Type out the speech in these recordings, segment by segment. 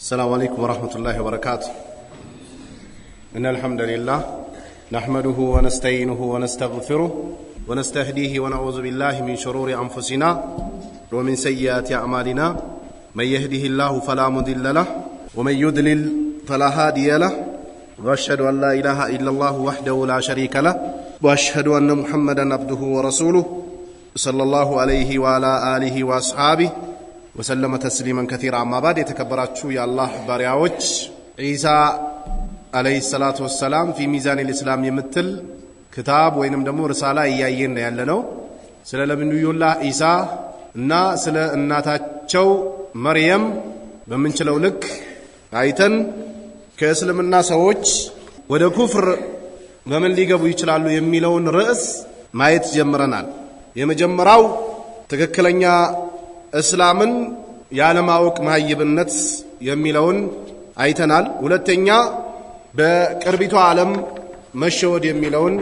السلام عليكم ورحمة الله وبركاته إن الحمد لله نحمده ونستعينه ونستغفره ونستهديه ونعوذ بالله من شرور أنفسنا ومن سيئات أعمالنا من يهده الله فلا مضل له ومن يضلل فلا هادي له وأشهد أن لا إله إلا الله وحده لا شريك له وأشهد أن محمدا عبده ورسوله صلى الله عليه وعلى آله وأصحابه ወሰለመ ተስሊመን ከቲራ አማባድ የተከበራችሁ የአላህ ባሪያዎች ዒሳ አለይሂ ሰላቱ ወሰላም ፊ ሚዛን ልእስላም የምትል ክታብ ወይንም ደግሞ ርሳላ እያየን ነው ያለ ነው። ስለ ነቢዩላህ ዒሳ እና ስለ እናታቸው መርየም በምንችለው ልክ አይተን ከእስልምና ሰዎች ወደ ኩፍር በምን ሊገቡ ይችላሉ የሚለውን ርዕስ ማየት ጀምረናል። የመጀመሪያው ትክክለኛ እስላምን ያለማወቅ መሀይብነት የሚለውን አይተናል። ሁለተኛ በቅርቢቷ ዓለም መሸወድ የሚለውን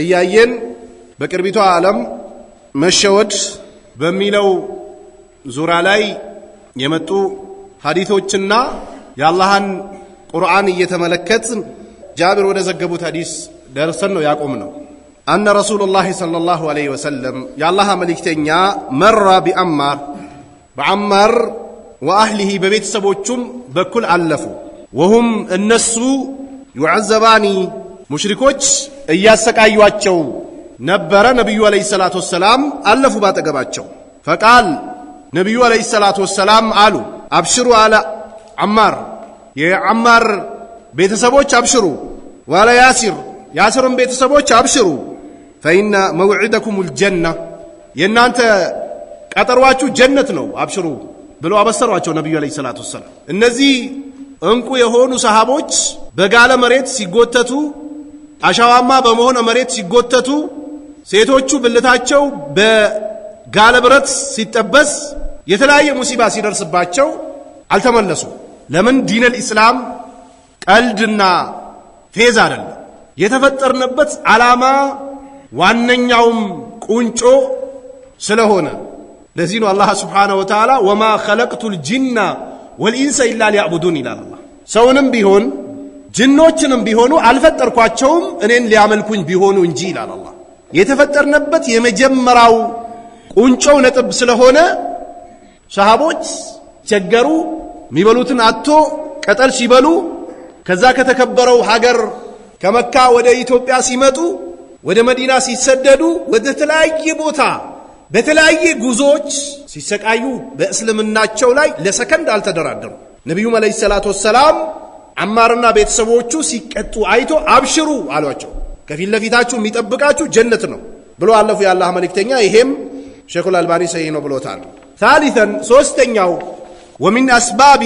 እያየን በቅርቢቷ ዓለም መሸወድ በሚለው ዙሪያ ላይ የመጡ ሀዲቶችና የአላህን ቁርአን እየተመለከት ጃብር ወደ ዘገቡት ሀዲስ ደርሰን ነው ያቆም ነው። አነ ረሱሉላሂ ሰለላሁ ዐለይሂ ወሰለም የአላህ መልእክተኛ መራ ቢአማር በአማር ወአህሊሂ በቤተሰቦቹም በኩል አለፉ። ወሁም እነሱ ዩዐዘባኒ ሙሽሪኮች እያሰቃዩቸው ነበረ። ነቢዩ ዐለይሂ ሰላቱ ወሰላም አለፉ ባጠገባቸው። ፈቃል ነቢዩ ዐለይሂ ሰላቱ ወሰላም አሉ፣ አብሽሩ አለ አማር የአማር ቤተሰቦች አብሽሩ፣ ዋለ ያሲር ያሲርም ቤተሰቦች አብሽሩ ፈኢነ መውዒደኩም ልጀና የእናንተ ቀጠሯችሁ ጀነት ነው አብሽሩ ብለው አበሰሯቸው ነቢዩ ዓለይሂ ሰላቱ ወሰላም። እነዚህ እንቁ የሆኑ ሰሃቦች በጋለ መሬት ሲጎተቱ፣ አሸዋማ በመሆነ መሬት ሲጎተቱ፣ ሴቶቹ ብልታቸው በጋለ ብረት ሲጠበስ፣ የተለያየ ሙሲባ ሲደርስባቸው አልተመለሱ። ለምን? ዲነል ኢስላም ቀልድና ፌዝ አይደለም። የተፈጠርንበት ዓላማ ዋነኛውም ቁንጮ ስለሆነ ለዚህ ነው አላህ ስብሓነሁ ወተዓላ ወማ ኸለቅቱል ጅና ወልኢንሰ ኢላ ሊያዕቡዱን ይላል። አላህ ሰውንም ቢሆን ጅኖችንም ቢሆኑ አልፈጠርኳቸውም እኔን ሊያመልኩኝ ቢሆኑ እንጂ ይላል አላህ። የተፈጠርነበት የመጀመሪያው ቁንጮው ነጥብ ስለሆነ ሰሃቦች ቸገሩ፣ የሚበሉትን አቶ ቀጠል ሲበሉ ከዛ ከተከበረው ሀገር ከመካ ወደ ኢትዮጵያ ሲመጡ ወደ መዲና ሲሰደዱ ወደ ተለያየ ቦታ በተለያየ ጉዞዎች ሲሰቃዩ በእስልምናቸው ላይ ለሰከንድ አልተደራደሩ። ነቢዩም ዓለይሂ ሰላቱ ወሰላም አማርና ቤተሰቦቹ ሲቀጡ አይቶ አብሽሩ አሏቸው። ከፊት ለፊታችሁ የሚጠብቃችሁ ጀነት ነው ብሎ አለፉ የአላህ መልእክተኛ። ይሄም ሼኹል አልባኒ ሰሂህ ነው ብሎታል። ታሊተን ሶስተኛው ወሚን አስባቢ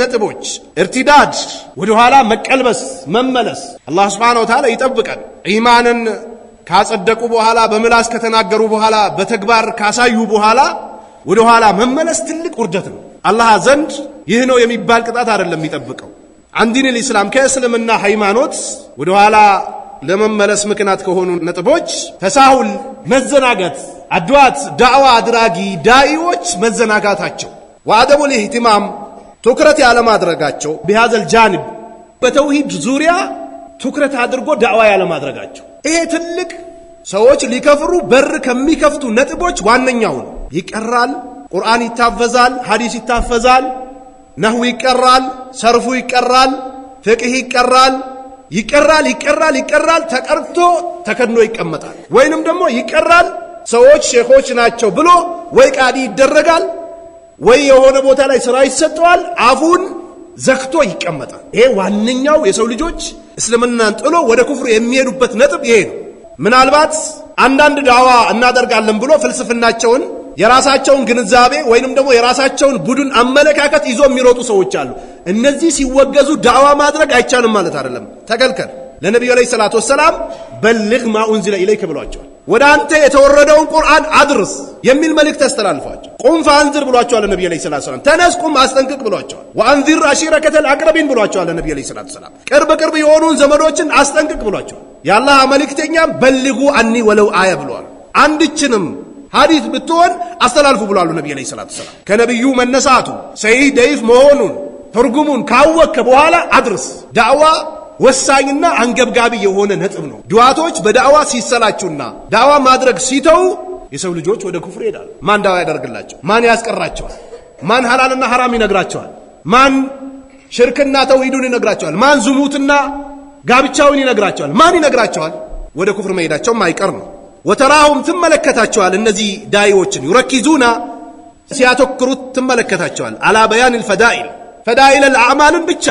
ነጥቦች እርቲዳድ ወደኋላ መቀልበስ መመለስ። አላህ ስብሓነሁ ወተዓላ ይጠብቀን ኢማንን ካጸደቁ በኋላ በምላስ ከተናገሩ በኋላ በተግባር ካሳዩ በኋላ ወደ ኋላ መመለስ ትልቅ ውርደት ነው። አላህ ዘንድ ይህ ነው የሚባል ቅጣት አይደለም የሚጠብቀው። አንዲን ልእስላም ከእስልምና ሃይማኖት ወደ ኋላ ለመመለስ ምክንያት ከሆኑ ነጥቦች ተሳሁል፣ መዘናጋት፣ አድዋት ዳዕዋ አድራጊ ዳኢዎች መዘናጋታቸው፣ ወአደቡል ኢህቲማም ትኩረት ያለማድረጋቸው፣ ቢሃዘል ጃንብ በተውሂድ ዙሪያ ትኩረት አድርጎ ዳዕዋ ያለማድረጋቸው ይሄ ትልቅ ሰዎች ሊከፍሩ በር ከሚከፍቱ ነጥቦች ዋነኛው ነው። ይቀራል፣ ቁርአን ይታፈዛል፣ ሐዲስ ይታፈዛል፣ ነህው ይቀራል፣ ሰርፉ ይቀራል፣ ፍቅህ ይቀራል፣ ይቀራል፣ ይቀራል፣ ይቀራል። ተቀርቶ ተከድኖ ይቀመጣል። ወይንም ደግሞ ይቀራል ሰዎች ሼኾች ናቸው ብሎ ወይ ቃዲ ይደረጋል፣ ወይ የሆነ ቦታ ላይ ስራ ይሰጠዋል አፉን ዘግቶ ይቀመጣል። ይሄ ዋነኛው የሰው ልጆች እስልምናን ጥሎ ወደ ኩፍር የሚሄዱበት ነጥብ ይሄ ነው። ምናልባት አንዳንድ ዳዋ እናደርጋለን ብሎ ፍልስፍናቸውን የራሳቸውን ግንዛቤ ወይንም ደግሞ የራሳቸውን ቡድን አመለካከት ይዞ የሚሮጡ ሰዎች አሉ። እነዚህ ሲወገዙ ዳዋ ማድረግ አይቻልም ማለት አይደለም። ተከልከል። ለነቢዩ ዓለይሂ ሰላቱ ወሰላም በልግ ማ ኡንዚለ ኢለይከ ብሏቸዋል። ወደ አንተ የተወረደውን ቁርአን አድርስ የሚል መልእክት ያስተላልፏቸው። ቁም ፈአንዝር ብሏቸዋል ነቢ ዐለይሂ ሰላቱ ሰላም። ተነስ ቁም አስጠንቅቅ ብሏቸዋል። ወአንዚር አሺረከተል አቅረቢን ብሏቸዋል ነቢ ዐለይሂ ሰላቱ ሰላም። ቅርብ ቅርብ የሆኑን ዘመዶችን አስጠንቅቅ ብሏቸዋል። የአላህ መልእክተኛም በልጉ አኒ ወለው አያ ብሏል። አንድችንም ሀዲት ብትሆን አስተላልፉ ብሏሉ ነቢ ዐለይሂ ሰላቱ ሰላም። ከነቢዩ መነሳቱ ሰይድ ደይፍ መሆኑን ትርጉሙን ካወቅከ በኋላ አድርስ ዳዕዋ ወሳኝና አንገብጋቢ የሆነ ነጥብ ነው። ድዋቶች በዳዋ ሲሰላቹና ዳዋ ማድረግ ሲተው የሰው ልጆች ወደ ኩፍር ይሄዳሉ። ማን ዳዋ ያደርግላቸው? ማን ያስቀራቸዋል? ማን ሐላልና ሐራም ይነግራቸዋል? ማን ሽርክና ተውሂዱን ይነግራቸዋል? ማን ዝሙትና ጋብቻውን ይነግራቸዋል? ማን ይነግራቸዋል? ወደ ኩፍር መሄዳቸው አይቀር ነው። ወተራሁም ትመለከታቸዋል። እነዚህ ዳይዎችን ዩረኪዙና ሲያተክሩት ትመለከታቸዋል። አላ በያን ልፈዳኢል ፈዳኢል አዕማልን ብቻ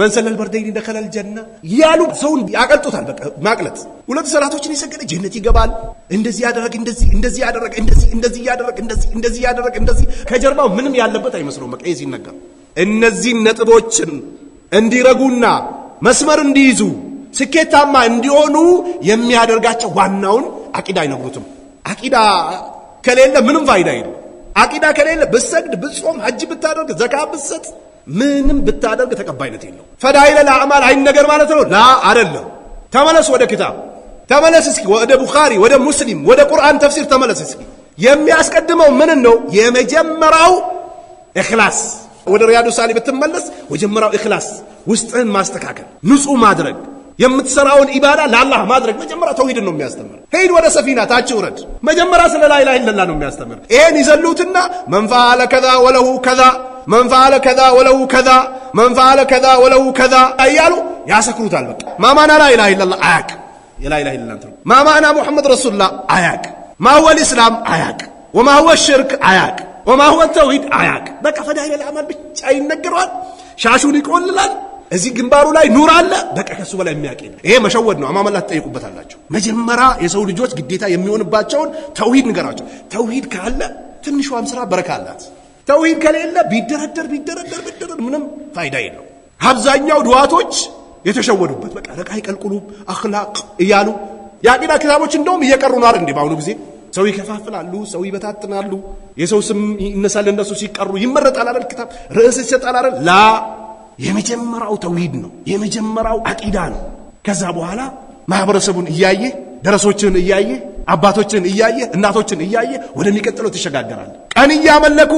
መንሰለል በርደይን እንደከለል ጀና ያሉ ሰውን ያቀልጡታል። በቃ ማቅለጥ ሁለት ሰላቶችን የሰገደ ጀነት ይገባል። እንደዚህ ያደረግ እንደዚህ እንደዚህ ያደረግ እንደዚህ እንደዚህ ያደረግ እንደዚህ እንደዚህ ያደረግ እንደዚህ ከጀርባው ምንም ያለበት አይመስለውም። በቃ ይህ ነገር እነዚህን ነጥቦችን እንዲረጉና መስመር እንዲይዙ ስኬታማ እንዲሆኑ የሚያደርጋቸው ዋናውን አቂዳ አይነግሩትም። አቂዳ ከሌለ ምንም ፋይዳ የለም። አቂዳ ከሌለ ብሰግድ፣ ብጾም፣ ሀጅ ብታደርግ፣ ዘካ ብትሰጥ ምንም ብታደርግ ተቀባይነት የለው። ፈዳይለ ለአዕማል አይን ነገር ማለት ነው ላ አይደለም። ተመለስ ወደ ኪታብ ተመለስ እስኪ ወደ ቡኻሪ፣ ወደ ሙስሊም፣ ወደ ቁርአን ተፍሲር ተመለስ እስኪ። የሚያስቀድመው ምንን ነው? የመጀመሪያው እኽላስ። ወደ ሪያዱ ሳሊ ብትመለስ መጀመሪያው እኽላስ፣ ውስጥህን ማስተካከል፣ ንጹህ ማድረግ የምትሰራውን ኢባዳ ለአላህ ማድረግ መጀመሪያ ተውሂድን ነው የሚያስተምር። ሄድ ወደ ሰፊና ታች ውረድ፣ መጀመሪያ ስለ ላይላ ኢለላ ነው የሚያስተምር። ይሄን ይዘሉትና መንፋ ከዛ ወለሁ ከዛ መንፋለ ከዛ ወለው ከዛ መንፋለ ከዛ ወለው ከዛ እያሉ ያሰክሩታል። በቃ ማማና ላ ኢላሃ አያቅ ላ ኢላሃ ኢለላህ ማማና ሙሐመድ ረሱሉላህ አያቅ ማወል ኢስላም አያቅ ወማህወ ሽርክ አያቅ ወማህወ ተውሂድ አያቅ። በቃ ፈዳኢል አማል ብቻ ይነገረዋል። ሻሹን ይቆልላል። እዚህ ግንባሩ ላይ ኑር አለ። በቃ ከሱ በላይ የሚያውቅ የለም። ይሄ መሸወድ ነው። አማመላ ትጠይቁበታላችሁ። መጀመሪያ የሰው ልጆች ግዴታ የሚሆንባቸውን ተውሂድ ንገራቸው። ተውሂድ ካለ ትንሿም ስራ በረካ አላት። ተውሂድ ከሌለ ቢደረደር ቢደረደር ቢደረደር ምንም ፋይዳ የለው። አብዛኛው ድዋቶች የተሸወዱበት በቃ ረቃ ይቀልቁሉብ አክላቅ እያሉ የአቂዳ ኪታቦች እንደውም እየቀሩ ነው አይደል? በአሁኑ ጊዜ ሰው ይከፋፍላሉ፣ ሰው ይበታትናሉ፣ የሰው ስም ይነሳል። እነሱ ሲቀሩ ይመረጣል አይደል? ኪታብ ርዕስ ይሰጣል አይደል? ላ የመጀመሪያው ተውሂድ ነው፣ የመጀመሪያው አቂዳ ነው። ከዛ በኋላ ማህበረሰቡን እያየ ደረሶችን እያየ አባቶችን እያየ እናቶችን እያየ ወደሚቀጥለው ትሸጋገራል። ቀን እያመለኩ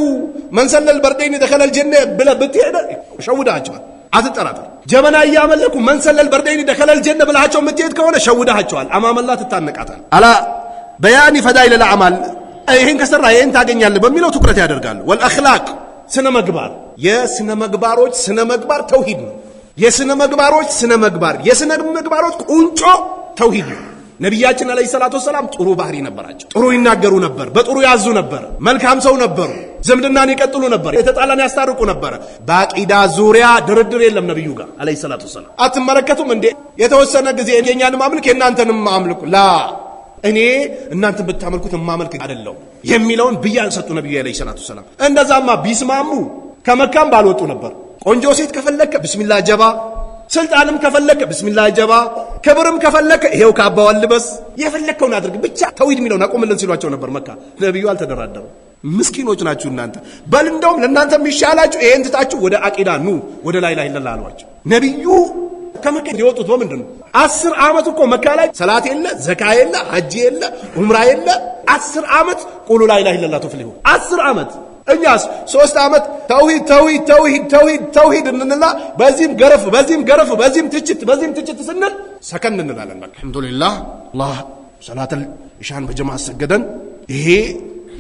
መንሰለል በርደይን ደኸለል ጀነ ብለህ ብትሄድ ሸውዳቸዋል። አትጠራጠር። ጀበና እያመለኩ መንሰለል በርደይን ደኸለል ጀነ ብላቸው የምትሄድ ከሆነ ሸውዳቸዋል። አማመላ ትታነቃታል። አላ በያኒ ፈዳይ ለላ ይህን ከሰራ ይህን ታገኛለህ በሚለው ትኩረት ያደርጋሉ። ወልአኽላቅ ስነ መግባር የስነ መግባሮች ስነ መግባር ተውሂድ ነው። የስነ መግባሮች ስነ መግባር የስነ መግባሮች ቁንጮ ተውሂድ ነው። ነቢያችን አለይሂ ሰላቱ ወሰላም ጥሩ ባህሪ ነበራቸው። ጥሩ ይናገሩ ነበር፣ በጥሩ ያዙ ነበር፣ መልካም ሰው ነበሩ። ዝምድናን ይቀጥሉ ነበር፣ የተጣላን ያስታርቁ ነበር። በአቂዳ ዙሪያ ድርድር የለም ነቢዩ ጋር አለይሂ ሰላቱ ወሰላም። አትመለከቱም እንዴ የተወሰነ ጊዜ የኛንም አምልክ የእናንተንም አምልኩ ላ እኔ እናንተ ብታመልኩት የማመልክ አይደለሁም የሚለውን ብያን ሰጡ ነቢዩ አለይሂ ሰላቱ ወሰላም። እንደዛማ ቢስማሙ ከመካም ባልወጡ ነበር። ቆንጆ ሴት ከፈለከ ብስሚላ ጀባ፣ ስልጣንም ከፈለከ ብስሚላ ጀባ ክብርም ከፈለከ ይሄው ካባው አልበስ፣ የፈለግከውን አድርግ፣ ብቻ ተውሂድ የሚለውን አቁምልን ሲሏቸው ነበር መካ። ነቢዩ አልተደራደሩ። ምስኪኖች ናችሁ እናንተ። በል እንደውም ለእናንተ የሚሻላችሁ ይሄን ትታችሁ ወደ አቂዳ ኑ፣ ወደ ላይላ ይለላ አሏቸው። ነቢዩ ከመካ የወጡት በምንድን ነው? አስር ዓመት እኮ መካ ላይ ሰላት የለ፣ ዘካ የለ፣ ሀጅ የለ፣ ዑምራ የለ። አስር ዓመት ቁሉ ላይላ ይለላ ቱፍሊሁ። አስር ዓመት እኛስ ሶስት ዓመት ተውሂድ ተውሂድ ተውሂድ ተውሂድ ተውሂድ እንንላ፣ በዚህም ገረፍ፣ በዚህም ገረፍ፣ በዚህም ትችት፣ በዚህም ትችት ስንል ሰከን እንላለን። በቃ አልሐምዱሊላህ አላህ ሰላተል ኢሻን በጀማ አሰገደን። ይሄ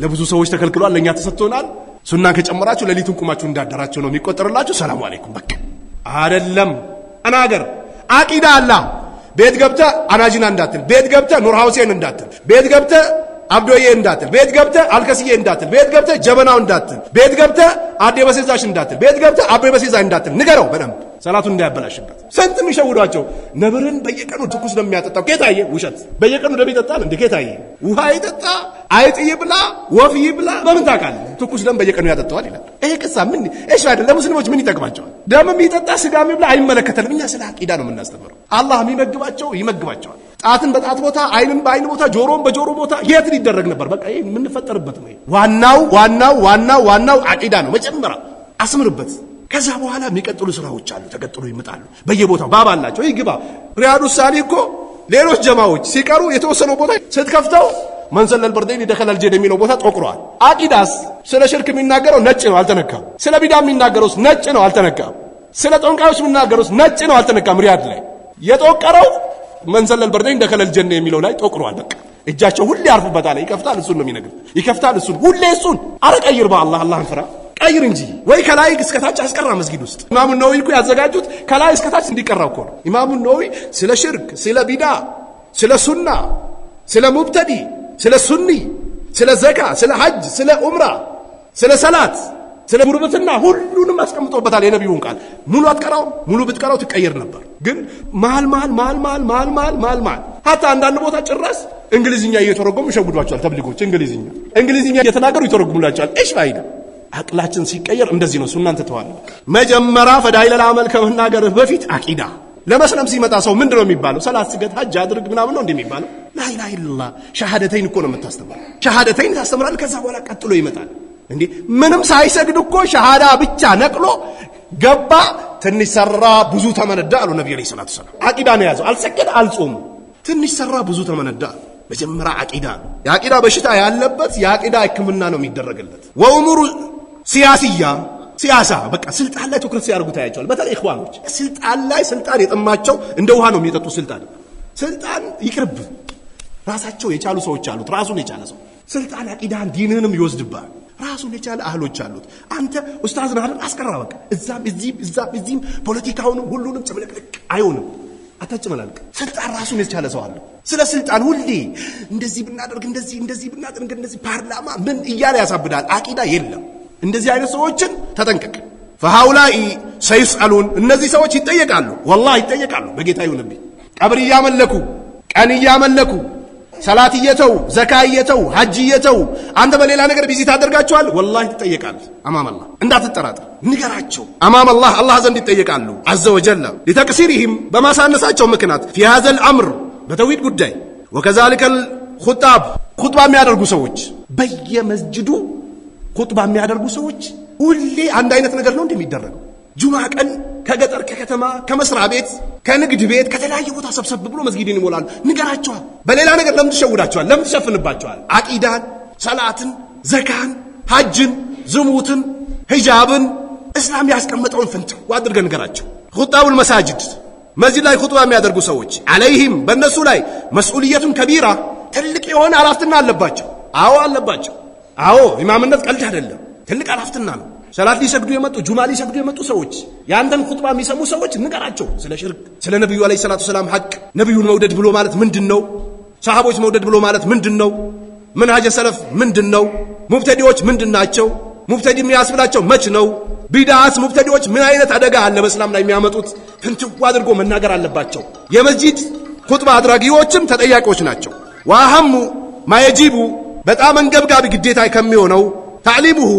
ለብዙ ሰዎች ተከልክሏል፣ ለእኛ ተሰጥቶናል። ሱናን ከጨመራችሁ ሌሊቱን ቁማችሁ እንዳደራችሁ ነው የሚቆጠርላችሁ። ሰላሙ አለይኩም በቃ አደለም። አናገር አቂዳ አላ ቤት ገብተ አናጂና እንዳትል፣ ቤት ገብተ ኑር ሐውሴን እንዳትል፣ ቤት ገብተ አብዶዬ እንዳትል፣ ቤት ገብተ አልከስዬ እንዳትል፣ ቤት ገብተ ጀበናው እንዳትል፣ ቤት ገብተ አዴ በሴዛሽ እንዳትል፣ ቤት ገብተ አቤ እንዳትል። ንገረው በደንብ ሰላቱን እንዳያበላሽበት። ስንት የሚሸውዷቸው ነብርን በየቀኑ ትኩስ ነው የሚያጠጣው። ጌታዬ ውሸት በየቀኑ ደም ይጠጣል እንዴ? ጌታዬ ውሃ ይጠጣ፣ አይጥ ይብላ፣ ወፍ ይብላ፣ በምን ታውቃለህ? ትኩስ ደም በየቀኑ ያጠጣዋል ይላል። ይሄ ቅሳ ምን እሺ አይደል? ለሙስሊሞች ምን ይጠቅማቸዋል? ደም የሚጠጣ ስጋም ይብላ አይመለከተንም። እኛ ስለ አቂዳ ነው የምናስተምረው። አላህ የሚመግባቸው ይመግባቸዋል። ጣትን በጣት ቦታ፣ አይንን በአይን ቦታ፣ ጆሮን በጆሮ ቦታ የት ሊደረግ ነበር? በቃ ይሄ የምንፈጠርበት ነው። ዋናው ዋናው ዋናው ዋናው አቂዳ ነው። መጀመሪያ አስምርበት። ከዛ በኋላ የሚቀጥሉ ስራዎች አሉ፣ ተቀጥሎ ይመጣሉ። በየቦታው ባብ አላቸው። ይህ ግባ ሪያዱ ሳኒ እኮ ሌሎች ጀማዎች ሲቀሩ የተወሰነው ቦታ ስትከፍተው መንሰለል በርደን ይደከላል ጀድ የሚለው ቦታ ጠቁሯል። አቂዳስ ስለ ሽርክ የሚናገረው ነጭ ነው፣ አልተነካም። ስለ ቢዳ የሚናገረውስ ነጭ ነው፣ አልተነካም። ስለ ጠንቋዮች የሚናገረውስ ነጭ ነው፣ አልተነካም። ሪያድ ላይ የጠቀረው መንሰለል በርደን ይደከላል ጀድ የሚለው ላይ ጠቁሯል። በቃ እጃቸው ሁሌ ያርፉበታል። ይከፍታል፣ እሱን ነው የሚነግር። ይከፍታል፣ እሱን ሁሌ እሱን። አረቀይር በአላህ አላህን ፍራ ቀይር እንጂ ወይ ከላይ እስከታች አስቀራ። መስጊድ ውስጥ ኢማሙ ነዊ እኮ ያዘጋጁት ከላይ እስከታች እንዲቀራ እኮ ነው። ኢማሙ ነዊ ስለ ሽርክ፣ ስለ ቢዳ፣ ስለ ሱና፣ ስለ ሙብተዲ፣ ስለ ሱኒ፣ ስለ ዘካ፣ ስለ ሐጅ፣ ስለ ዑምራ፣ ስለ ሰላት፣ ስለ ጉርብትና ሁሉንም አስቀምጦበታል። የነቢዩን ቃል ሙሉ አትቀራው። ሙሉ ብትቀራው ትቀየር ነበር። ግን መሃል መሃል መሃል መሃል መሃል መሃል መሃል መሃል ሀታ አንዳንድ ቦታ ጭራስ እንግሊዝኛ እየተረጎሙ ይሸጉዷቸዋል። ተብሊጎች እንግሊዝኛ እንግሊዝኛ እየተናገሩ ይተረጉሙላቸዋል። እሽ ፋይዳ አቅላችን ሲቀየር እንደዚህ ነው። ሱናን ትተዋል። መጀመሪያ ፈዳይለላ አመል ከመናገርህ በፊት አቂዳ ለመስለም ሲመጣ ሰው ምንድን ነው የሚባለው? ሰላት፣ ስገድ፣ ሀጅ አድርግ ምናምን ነው እንደሚባለው። ላኢላሃ ኢለላህ ሸሃደተይን እኮ ነው የምታስተምረው። ሸሃደተይን ታስተምራል። ከዛ በኋላ ቀጥሎ ይመጣል። እንዴ ምንም ሳይሰግድ እኮ ሸሃዳ ብቻ ነቅሎ ገባ። ትንሽ ሰራ ብዙ ተመነዳ አሉ ነቢ ዐለይሂ ሰላቱ ወሰላም። አቂዳ ነው የያዘው። አልሰገድ፣ አልጾም፣ ትንሽ ሰራ ብዙ ተመነዳ መጀመሪያ አቂዳ ነው። የአቂዳ በሽታ ያለበት የአቂዳ ህክምና ነው የሚደረግለት። ወእሙሩ ሲያስያ ሲያሳ በቃ ስልጣን ላይ ትኩረት ሲያደርጉ ታያቸዋል። በተለይ ኢኽዋኖች ስልጣን ላይ ስልጣን የጠማቸው እንደ ውሃ ነው የሚጠጡ። ስልጣን ስልጣን ይቅርብ ራሳቸው የቻሉ ሰዎች አሉት። ራሱን የቻለ ሰው ስልጣን አቂዳን ዲንንም ይወስድባል። ራሱን የቻለ አህሎች አሉት። አንተ ኡስታዝ ነህ አስቀራ በቃ እዛም እዚህም እዛም እዚህም ፖለቲካውንም ሁሉንም ጭምልቅልቅ አይሆንም። አታጭመላልቅ። ስልጣን ራሱን የቻለ ሰው አለው። ስለ ስልጣን ሁሌ እንደዚህ ብናደርግ እንደዚህ እንደዚህ ብናደርግ እንደዚህ ፓርላማ ምን እያለ ያሳብዳል። አቂዳ የለም። እንደዚህ አይነት ሰዎችን ተጠንቀቅ። ፈሃውላኢ ሰይስአሉን እነዚህ ሰዎች ይጠየቃሉ። ወላሂ ይጠየቃሉ። በጌታ ይሁንብኝ። ቀብር እያመለኩ ቀን እያመለኩ ሰላት እየተው ዘካ እየተው ሀጅ እየተው አንተ በሌላ ነገር ቢዚ ታደርጋቸዋል። ወላሂ ትጠየቃል። አማመላ እንዳትጠራጠር ንገራቸው። አማመላ አላህ ዘንድ ይጠየቃሉ። አዘ ወጀለ ሊተቅሲሪህም በማሳነሳቸው ምክንያት ፊ ሀዘል አምር በተውሂድ ጉዳይ ወከዛሊከል ኹጣብ ኹጥባ የሚያደርጉ ሰዎች በየመስጅዱ ቁጥባ የሚያደርጉ ሰዎች ሁሌ አንድ አይነት ነገር ነው እንዲህ የሚደረገው። ጁማ ቀን ከገጠር ከከተማ ከመስሪያ ቤት ከንግድ ቤት ከተለያየ ቦታ ሰብሰብ ብሎ መስጊድን ይሞላሉ። ንገራቸዋል። በሌላ ነገር ለምን ትሸውዳቸዋል? ለምን ትሸፍንባቸዋል? አቂዳን፣ ሰላትን፣ ዘካን፣ ሐጅን፣ ዝሙትን፣ ሂጃብን እስላም ያስቀመጠውን ፍንትው አድርገ ንገራቸው። ኹጣቡል መሳጅድ መስጂድ ላይ ኹጥባ የሚያደርጉ ሰዎች አለይህም በእነሱ ላይ መስኡልየቱን ከቢራ ትልቅ የሆነ አላፍትና አለባቸው። አዎ አለባቸው። አዎ ኢማምነት ቀልድ አይደለም፣ ትልቅ አላፍትና ነው። ሰላት ሊሰግዱ የመጡ ጁማ ሊሰግዱ የመጡ ሰዎች የአንተን ኹጥባ የሚሰሙ ሰዎች ንገራቸው፣ ስለ ሽርክ፣ ስለ ነቢዩ ዓለይሂ ሰላቱ ሰላም ሐቅ። ነቢዩን መውደድ ብሎ ማለት ምንድን ነው? ሰሃቦች መውደድ ብሎ ማለት ምንድን ነው? መንሃጀ ሰለፍ ምንድን ነው? ሙብተዲዎች ምንድን ናቸው? ሙብተዲ የሚያስብላቸው መች ነው? ቢድዓት ሙብተዲዎች ምን አይነት አደጋ አለ በእስላም ላይ የሚያመጡት ፍንትው አድርጎ መናገር አለባቸው። የመስጂድ ኹጥባ አድራጊዎችም ተጠያቂዎች ናቸው። ወአሐሙ ማየጂቡ በጣም አንገብጋቢ ግዴታ ከሚሆነው ታዕሊሙሁ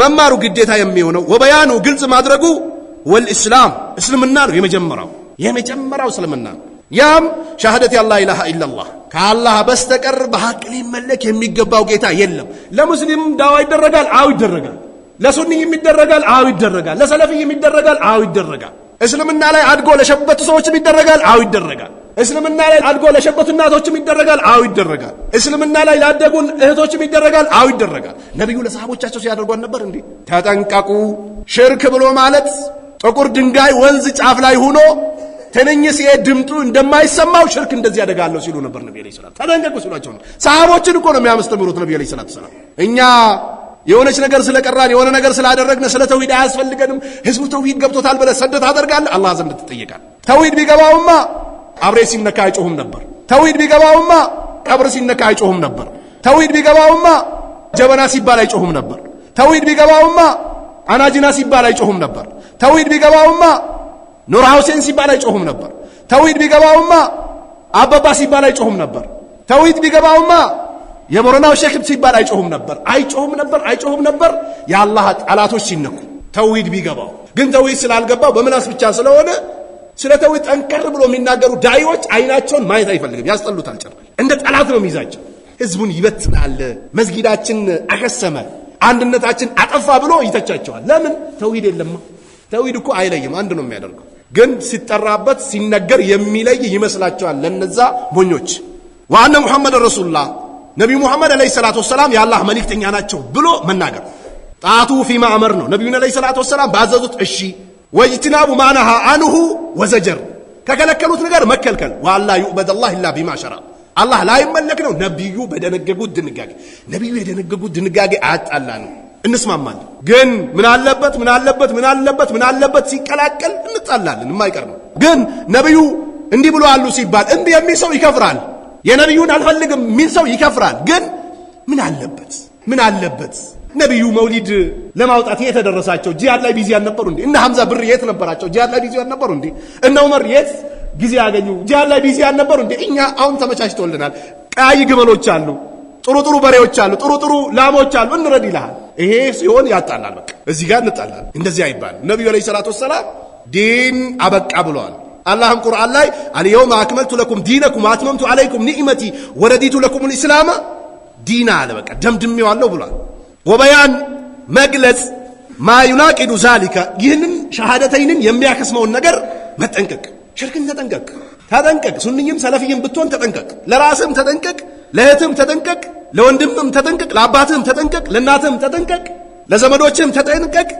መማሩ ግዴታ የሚሆነው ወበያኑ ግልጽ ማድረጉ ወልእስላም እስልምና ነው። የመጀመሪያው የመጀመሪያው እስልምና ነው። ያም ሻሃደት የላ ኢላሃ ኢላላህ ከአላህ በስተቀር በሐቅ ሊመለክ የሚገባው ጌታ የለም። ለሙስሊም ዳዋ ይደረጋል፣ አው ይደረጋል። ለሱኒም ይደረጋል፣ አዎ ይደረጋል። ለሰለፊም ይደረጋል፣ አዎ ይደረጋል። እስልምና ላይ አድጎ ለሸበቱ ሰዎችም ይደረጋል፣ አው ይደረጋል። እስልምና ላይ አድጎ ለሸበቱ እናቶችም ይደረጋል። አው ይደረጋል። እስልምና ላይ ላደጉ እህቶችም ይደረጋል። አው ይደረጋል። ነቢዩ ለሰሃቦቻቸው ሲያደርጓን ነበር እንዴ። ተጠንቀቁ። ሽርክ ብሎ ማለት ጥቁር ድንጋይ ወንዝ ጫፍ ላይ ሆኖ ትንኝ ሲሄድ ድምጡ እንደማይሰማው ሽርክ እንደዚህ ያደጋለሁ ሲሉ ነበር ነቢ ላ ሰላም። ተጠንቀቁ ሲሏቸው ነው። ሰሃቦችን እኮ ነው የሚያስተምሩት ነቢ ላ ሰላቱ ሰላም። እኛ የሆነች ነገር ስለቀራን የሆነ ነገር ስላደረግን ስለ ተውሂድ አያስፈልገንም ህዝቡ ተውሂድ ገብቶታል ብለህ ሰደት አደርጋለ አላህ ዘንድ ትጠየቃል። ተውሂድ ቢገባውማ አብሬ ሲነካ አይጮሁም ነበር። ተውሂድ ቢገባውማ ቀብር ሲነካ አይጮሁም ነበር። ተውሂድ ቢገባውማ ጀበና ሲባል አይጮሁም ነበር። ተውሂድ ቢገባውማ አናጅና ሲባል አይጮሁም ነበር። ተውሂድ ቢገባውማ ኑር ሐውሴን ሲባል አይጮሁም ነበር። ተውሂድ ቢገባውማ አበባ ሲባል አይጮሁም ነበር። ተውሂድ ቢገባውማ የቦረናው ሸክብ ሲባል አይጮሁም ነበር። አይጮሁም ነበር። አይጮሁም ነበር የአላህ ጠላቶች ሲነኩ ተውሂድ ቢገባው ግን ተውሂድ ስላልገባው በምላስ ብቻ ስለሆነ ስለተው ጠንከር ብሎ የሚናገሩ ዳይዎች አይናቸውን ማየት አይፈልግም፣ ያስጠሉታል። ጭራሽ እንደ ጠላት ነው የሚይዛቸው። ህዝቡን ይበትናል፣ መስጊዳችን አከሰመ፣ አንድነታችን አጠፋ ብሎ ይተቻቸዋል። ለምን ተውሂድ የለማ። ተውሂድ እኮ አይለይም፣ አንድ ነው የሚያደርገው። ግን ሲጠራበት ሲነገር የሚለይ ይመስላቸዋል፣ ለነዛ ሞኞች። ወአነ ሙሐመድ ረሱሉላ ነቢዩ ሙሐመድ ዓለይሂ ሰላት ወሰላም የአላህ መልእክተኛ ናቸው ብሎ መናገር ጣቱ ፊማ አመር ነው። ነቢዩን ዓለይሂ ሰላት ወሰላም ባዘዙት እሺ ወጅትናቡ ማነሃ አንሁ ወዘጀር ከከለከሉት ነገር መከልከል ዋላ ዩዕበድ አላህ ኢላ ቢማ ሸራ አላህ ላይመለክ ነው ነቢዩ በደነገጉት ድንጋጌ ነቢዩ የደነገጉት ድንጋጌ አያጣላንም እንስማማለን ግን ምን አለበት ምን አለበት ምን አለበት ምን አለበት ሲቀላቀል እንጣላለን የማይቀር ነው ግን ነቢዩ እንዲህ ብሎ አሉ ሲባል እንዲህ የሚል ሰው ይከፍራል የነቢዩን አልፈልግም የሚል ሰው ይከፍራል ግን ምን አለበት ምን አለበት ነቢዩ መውሊድ ለማውጣት የት ተደረሳቸው? ጂሃድ ላይ ቢዚ ያልነበሩ እንዴ? እነ ሐምዛ ብር የት ነበራቸው? ጂሃድ ላይ ቢዚ ያልነበሩ እንዴ? እነ ዑመር የት ጊዜ ያገኙ? ጂሃድ ላይ ቢዚ ያልነበሩ እንዴ? እኛ አሁን ተመቻችቶልናል። ቀያይ ግመሎች አሉ፣ ጥሩ ጥሩ በሬዎች አሉ፣ ጥሩ ጥሩ ላሞች አሉ፣ እንረድ ይልሃል። ይሄ ሲሆን ያጣላል። በቃ እዚህ ጋር እንጣላል። እንደዚህ አይባል። ነቢዩ ዓለይሂ ሰላቱ ወሰላም ዲን አበቃ ብለዋል። አላህም ቁርአን ላይ አልየውመ አክመልቱ ለኩም ዲነኩም አትመምቱ አለይኩም ኒዕመቲ ወረዲቱ ለኩም ልእስላማ ዲና አለ። በቃ ደምድሜዋለሁ ብሏል። ወበያን መግለጽ ማዩናቂዱ ዩናቂዱ ዛሊከ ይህንን ሸሃደተይንን የሚያከስመውን ነገር መጠንቀቅ። ሽርክን ተጠንቀቅ፣ ተጠንቀቅ። ሱንይም ሰለፍይም ብትሆን ተጠንቀቅ። ለራስም ተጠንቀቅ፣ ለእህትም ተጠንቀቅ፣ ለወንድምም ተጠንቀቅ፣ ለአባትም ተጠንቀቅ፣ ለእናትም ተጠንቀቅ፣ ለዘመዶችም ተጠንቀቅ።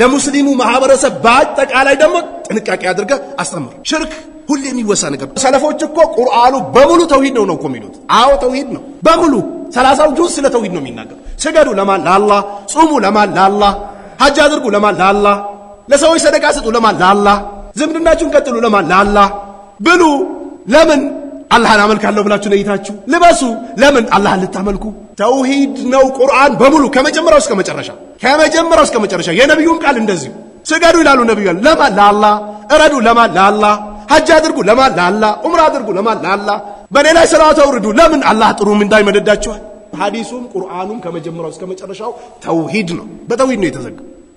ለሙስሊሙ ማህበረሰብ በአጠቃላይ ደግሞ ጥንቃቄ አድርገ አስተምር። ሽርክ ሁሌ የሚወሳ ነገር። ሰለፎች እኮ ቁርአኑ በሙሉ ተውሂድ ነው ነው እኮ የሚሉት። አዎ ተውሂድ ነው በሙሉ ሰላሳው ጁዝ ስለ ተውሂድ ነው የሚናገሩ ስገዱ ለማን ላላ ጹሙ ለማን ላላ ሀጅ አድርጉ ለማን ላላ ለሰዎች ሰደቃ ስጡ ለማን ላላ ዝምድናችሁን ቀጥሉ ለማን ላላ ብሉ ለምን አላህን አመልካለሁ ብላችሁ ነይታችሁ፣ ልበሱ ለምን አላህን ልታመልኩ። ተውሂድ ነው ቁርአን በሙሉ ከመጀመሪያው እስከ መጨረሻ፣ ከመጀመሪያው እስከ መጨረሻ። የነቢዩም ቃል እንደዚሁ ስገዱ ይላሉ ነቢዩ ለማን ላላ፣ እረዱ ለማን ላላ ሀጅ አድርጉ ለማን ለአላህ፣ ዑምራ አድርጉ ለማን ለአላህ፣ በኔ ላይ ስርዓት አውርዱ ለምን አላህ ጥሩ ምንዳ ይመደዳችኋል። ሀዲሱም ቁርአኑም ከመጀመሪያው እስከ መጨረሻው ተውሂድ ነው። በተውሂድ ነው የተዘጋ።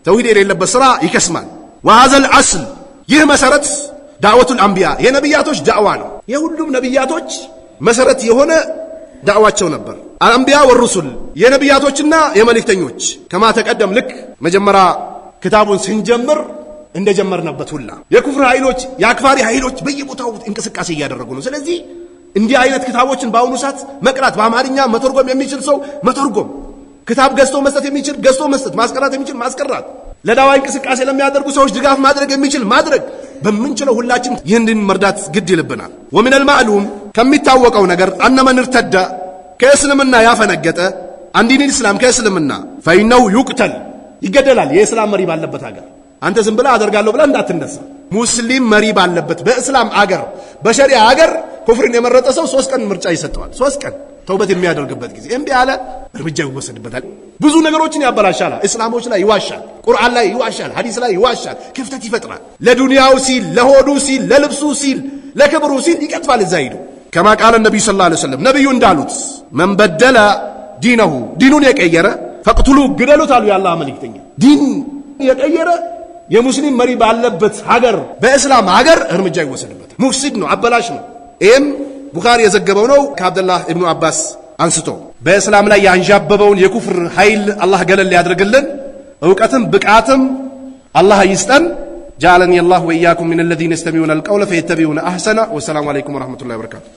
ተውሂድ የሌለበት ስራ ይከስማል። ወሃዘል አስል ይህ መሰረት ዳዕወቱል አንቢያ የነቢያቶች ዳዕዋ ነው። የሁሉም ነቢያቶች መሰረት የሆነ ዳዕዋቸው ነበር። አንቢያ ወሩሱል የነቢያቶችና የመልእክተኞች ከማተቀደም ልክ መጀመሪያ ክታቡን ስንጀምር እንደጀመርነበት ሁላ የኩፍር ኃይሎች የአክፋሪ ኃይሎች በየቦታው እንቅስቃሴ እያደረጉ ነው። ስለዚህ እንዲህ አይነት ክታቦችን በአሁኑ ሰዓት መቅራት በአማርኛ መተርጎም የሚችል ሰው መተርጎም፣ ክታብ ገዝቶ መስጠት የሚችል ገዝቶ መስጠት፣ ማስቀራት የሚችል ማስቀራት፣ ለዳዋ እንቅስቃሴ ለሚያደርጉ ሰዎች ድጋፍ ማድረግ የሚችል ማድረግ፣ በምንችለው ሁላችን ይህንን መርዳት ግድ ይልብናል። ወሚነል ማዕሉም ከሚታወቀው ነገር አነመን እርተዳ ከእስልምና ያፈነገጠ አንዲን ኢስላም ከእስልምና ፈይነው ዩቅተል ይገደላል። የእስላም መሪ ባለበት አገር አንተ ዝም ብለህ አደርጋለሁ ብለህ እንዳትነሳ። ሙስሊም መሪ ባለበት በእስላም አገር በሸሪያ አገር ኩፍርን የመረጠ ሰው ሶስት ቀን ምርጫ ይሰጠዋል። ሶስት ቀን ተውበት የሚያደርግበት ጊዜ እምቢ አለ፣ እርምጃ ይወሰድበታል። ብዙ ነገሮችን ያበላሻል። እስላሞች ላይ ይዋሻል፣ ቁርአን ላይ ይዋሻል፣ ሀዲስ ላይ ይዋሻል። ክፍተት ይፈጥራል። ለዱንያው ሲል፣ ለሆዱ ሲል፣ ለልብሱ ሲል፣ ለክብሩ ሲል ይቀጥፋል። እዛ ሂዱ ከማ ቃለ ነቢዩ ስለ ላ ሰለም ነቢዩ እንዳሉት መንበደለ ዲነሁ ዲኑን የቀየረ ፈቅቱሉ ግደሉት አሉ ያላ መልእክተኛ። ዲን የቀየረ የሙስሊም መሪ ባለበት ሀገር፣ በእስላም ሀገር እርምጃ ይወሰድበታል። ሙፍሲድ ነው፣ አበላሽ ነው። ይህም ቡኻሪ የዘገበው ነው ከአብደላህ እብኑ አባስ አንስቶ በእስላም ላይ ያንዣበበውን የኩፍር ኃይል አላህ ገለል ያድርግልን። እውቀትም ብቃትም አላህ ይስጠን። ጃአለኒ አላህ ወኢያኩም ሚን አለዚነ የስተሚዑነ አልቀውለ ፈየተቢዑነ አሕሰና። ወሰላሙ አለይኩም ወረሕመቱላሂ ወበረካቱ።